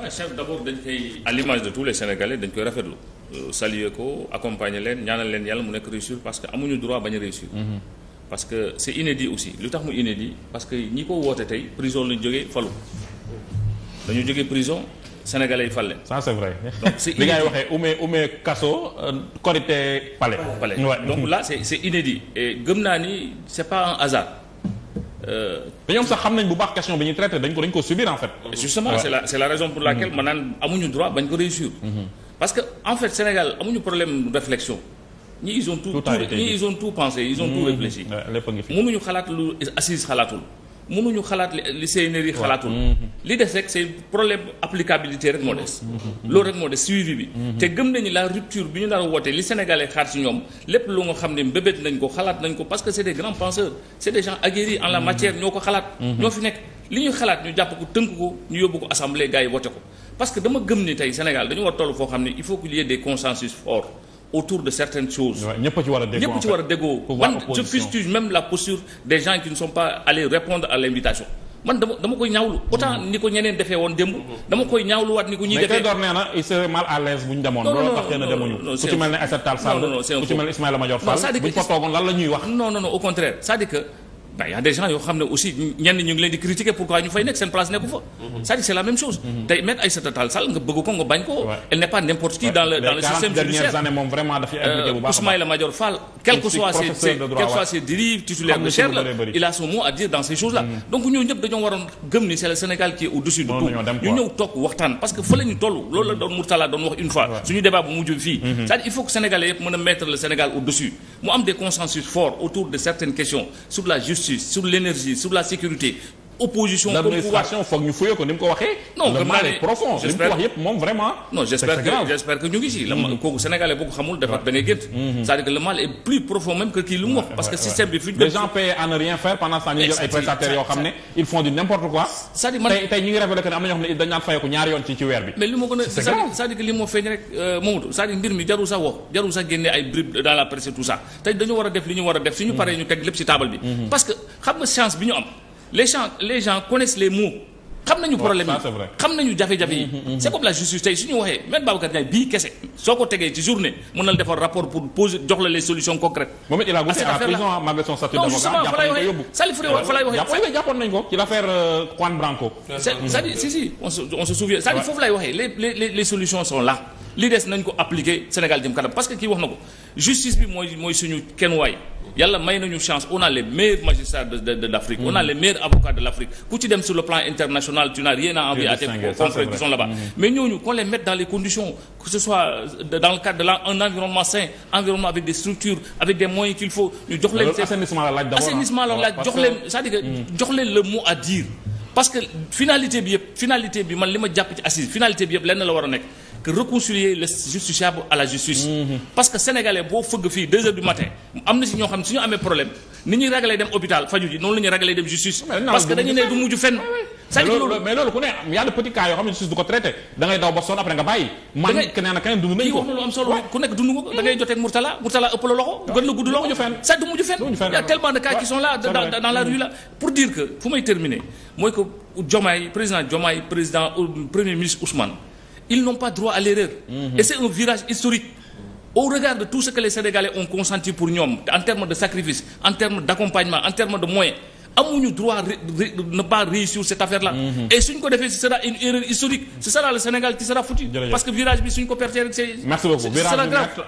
waaw chef d'abord dañ koy à l'image de tous les sénégalais dañ koy rafetlu euh, saluer ko leen ñaanal leen yàlla mu nekk réussir parce que amuñu droit bañ a réussir mm-hmm. parce que c'est inédit aussi lu tax mu inédit parce que ñi ko woote tey prison lañu jógee falu dañu jógee prison sénégalais yi fal leen ça c'est vrai donc c'est li ngay waxee ume ume kaso euh, korite palais donc là c'est inédit gëm naa ni c'est pas un hasard mais euh, ñoom sax xam nañ bu baax question bi ñuy traité dañ ko dañ ko subir en fait. justement c'est la c'est la raison pour laquelle mm-hmm. ma naan amuñu droit bañ ko réussir. Mm-hmm. parce que en fait Sénégal amuñu problème de réflexion ñi ils ont tout tout ñi ils ont tout pensé ils ont tout mm-hmm. réfléchi. lépp a ngi xalaat lu assise xalaatul. mënuñu xalaat li CNRI yi xalaatul mm-hmm. li des rek c'est problème applicabilité rek moo des mm-hmm. loolu rek moo des suivi bi mm-hmm. te gëm nañu la rupture bi ñu nar a li sénégalais xaar si ñoom lépp lu nga xam ne mbébét nañ ko xalaat nañ ko parce que c'est des grands penseurs c'est des gens aguerris en la matière ñoo ko xalaat ñoo fi nekk li ñu xalaat ñu jàpp ko tënk ko ñu yóbbu ko assemblée gars wote ko parce que dama gëm ni tey Sénégal dañu war toll foo xam ne il faut qu'il y autour de certaines choses. ñëpp ci war a déggoo ñëpp ci war a même la posture des gens qui ne sont pas allés répondre à l'invitation man dama dama koy ñaawlu. autant mm-hmm. ni ko ñeneen defee woon démb. Mm-hmm. dama koy ñaawluwaat ni ko ñuy defee mal à l'aise bu ñu demoon. non non non demuñu ku ci mel ne Aïssata Tall ci mel ne Ismaïla Madior Fall. bu ñu fa toogoon wax. non non au contraire cest à que ben y des gens yoo xam ne aussi ñenn ñu ngi leen di critiquer pourquoi ñu fay nekk seen place nekku fa. Mhm. cest dire c'est la même chose. Mhm. tey maître Aïssata Tall Sall nga bëgg ko nga bañ ko. elle n'est pas n'importe qui dans le système judiciaire Ismaïla euh, Madior Fall. de ah, chair la mhm. ñëpp dañoo waroon gëm ni c'est le Sénégal qui au-dessus de tout. ñu ñëw toog waxtaan parce que fa ñu toll loolu la doon Mourtala doon wax une fois. suñu débat bu mujj fii. cest à justice sur l'énergie sur la sécurité opposition foog ñu fuyee ni mu ko waxee. non le mal est profond li mu ko wax yëpp moom vraiment. non j'espère que j'espère que ñu ngi ci. la mm-hmm. kooku sénégalais boo ko xamul dafa da ngay gént. dire que le mal est plus profond même que kii lu mu wax. parce que système bi fi ñu. les gens quoi. cest dire man tey tey ñu ngi révélé que ne am na ñoo xam ne dañ naan fayeeku ñaari yoon ci ci weer bi. mais li ma gën a cest dire que li moo feeñ rek euh, Mamadou cest les gens les gens connaissent les mots. xam nañu problème yi xam nañu jafe-jafe yi. Mm, mm, mm, c'est comme la justice tey su ñu waxee même Babacar Ndiaye bii kese soo ko tegee ci journée mun na la defar rapport pour poser jox la les solutions concrètes. moom it il a ah, goûté à euh, foofu lay waxee les solutions sont là. li des nañ ko appliquer Sénégal jëm kanam parce que kii wax na ko justice bi mooy mooy suñu kenn waay yàlla may nañu chance on a les meilleurs magistrats de de de l'Afrique. on a mhm. les meilleurs avocats de l'Afrique ku ci dem sur le plan international tu n'as mhm. que ce euh, environnement avec des structures avec des moyens qu'il faut ñu jox leen. assainissement la la jox leen cest dire que mhm. jox leen le mot à dire parce que finalité bi yëpp finalité bi man li ma jàpp ci assise finalité bi yëpp lenn la war a que réconcilier le justiciable à la justice. parce que sénégalais boo fëgg fii deux heures du matin am na si ñoo xam ne su ñu amee problème ni ñuy ragalee dem hôpital faju ji noonu la ñuy dem justice. parce que dañu ne du mujj fenn. c'est a du ko traité da ngay daw ba sonn après dans la mm. rue pour dire que fu may terminer mooy que Diomaye président Diomaye président premier ministre Ousmane ils n'ont pas droit à l'erreur mhm. et c'est un virage historique au regard de tout ce que Sénégalais ont consenti pour ñoom en termes de sacrifice en termes d'accompagnement en termes de moyens amuñu droit ne pas réussir cette affaire là. Mhm. et suñ ko defee ce sera une erreur historique ce sera parce que virage bi suñ ko pertee rek c'est. merci